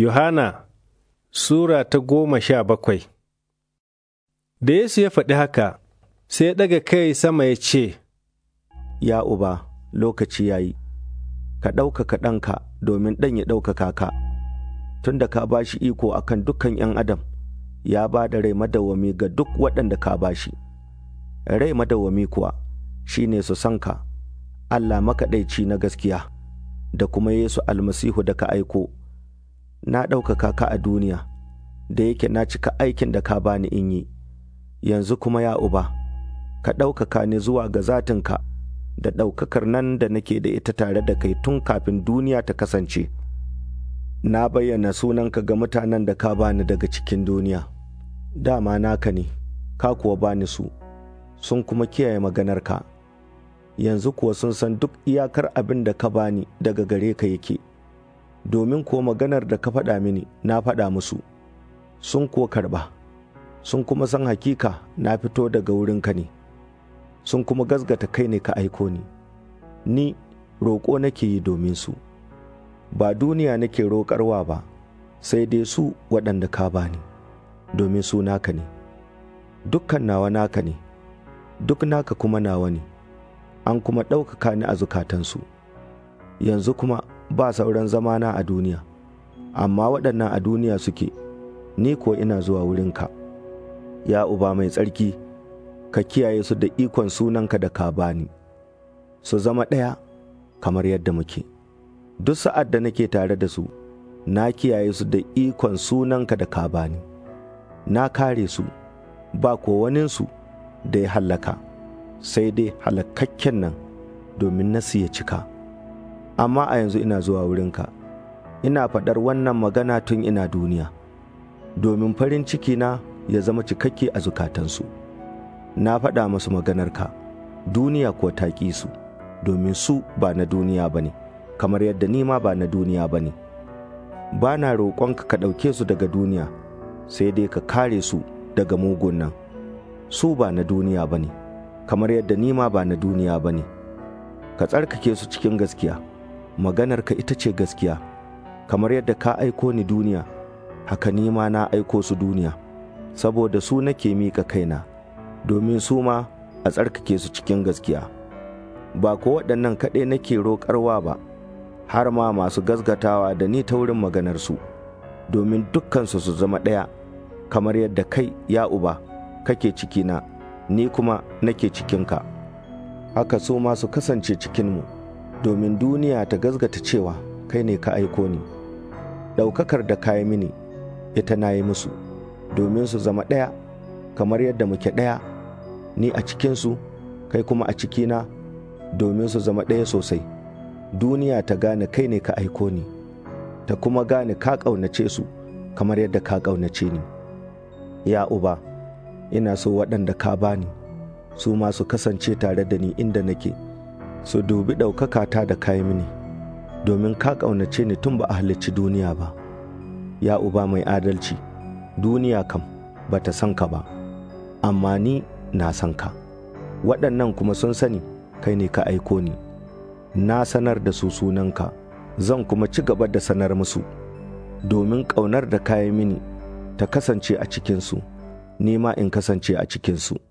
Yohana Sura ta goma sha bakwai Da Yesu ya faɗi haka, sai ya ɗaga kai sama ya ce, Ya Uba, lokaci ya yi, ka ɗaukaka ɗanka domin ɗan ya ɗaukaka ka, tun da ka shi iko a kan dukan ’yan adam, ya ba da rai madawwami ga duk waɗanda ka bashi. Rai madawwami kuwa shi ne su san ka, Allah makaɗaici na gaskiya, da kuma Yesu almasihu da ka aiko. na ɗaukaka ka a duniya, da yake na cika aikin da ka bani in yi, yanzu kuma ya uba, ka ɗaukaka ni zuwa ga zatinka da ɗaukakar nan da nake da ita tare da kai tun kafin duniya ta kasance. Na bayyana sunanka ga mutanen da ka bani daga cikin duniya, dama naka ne, ka kuwa bani su, sun kuma kiyaye maganarka. yanzu kuwa sun san duk iyakar abin da ka bani daga gare ka yake domin ko maganar da ka faɗa mini na faɗa musu sun ko karɓa sun kuma san hakika na fito daga wurinka ne sun kuma gazgata kai ne ka aiko ni ni roƙo nake yi domin su ba duniya nake roƙarwa ba sai dai su waɗanda ka bani domin su naka ne dukkan nawa naka ne duk naka kuma nawa ne an kuma ɗaukaka ni a zukatansu yanzu kuma ba sauran zamana a duniya, amma waɗannan a duniya suke, ni ko ina zuwa wurinka. Ya Uba mai tsarki, ka kiyaye su da ikon sunanka da ka bani, su zama ɗaya kamar yadda muke. Duk sa'ad da nake tare da su, na kiyaye su da ikon sunanka da ka bani, na kare su, ba ko waninsu da ya hallaka, sai dai halakakken nan domin nasu ya cika. amma a yanzu ina zuwa wurinka, ina faɗar wannan magana tun ina duniya, domin farin ciki na ya zama cikakke a zukatansu. Na faɗa masu ka, duniya kuwa ta ƙi su, domin su ba na duniya ba ne, kamar yadda ni ma ba na duniya ba ne. Ba na roƙonka ka ɗauke su daga duniya, sai dai ka kare su daga mugun nan. Su ba na duniya ba ne, kamar yadda ni ma ba na duniya ba ne. Ka tsarkake su cikin gaskiya. maganarka ita ce gaskiya, kamar yadda ka aiko ni duniya, haka ni ma na aiko su duniya, saboda su nake miƙa kaina, domin su ma a tsarkake su cikin gaskiya. Ba ko waɗannan kaɗai nake roƙarwa ba, har ma masu gazgatawa da ni ta wurin maganarsu, domin dukkansu su zama ɗaya, kamar yadda kai, ya uba, kake ciki na, ni kuma nake cikinka. Haka su ma su kasance cikinmu. domin duniya ta gazgata cewa kai ne ka aiko ni ɗaukakar da kayi mini ita na yi musu domin su zama ɗaya kamar yadda muke ɗaya ni a cikinsu kai kuma a cikina domin su zama ɗaya sosai duniya ta gane kai ne ka aiko ni ta kuma gane ka ƙaunace su kamar yadda ka ƙaunace ni ya uba ina so waɗanda ka bani su ma su kasance tare da ni inda nake su dubi ɗaukaka ta da kayi mini domin ka ƙaunace ni tun ba a halicci duniya ba ya uba mai adalci duniya kam ba ta san ka ba amma ni na san ka waɗannan kuma sun sani kai ne ka aiko ni na sanar da su sunanka zan kuma ci gaba da sanar musu domin ƙaunar da kayi mini ta kasance a cikinsu ni ma in kasance a cikinsu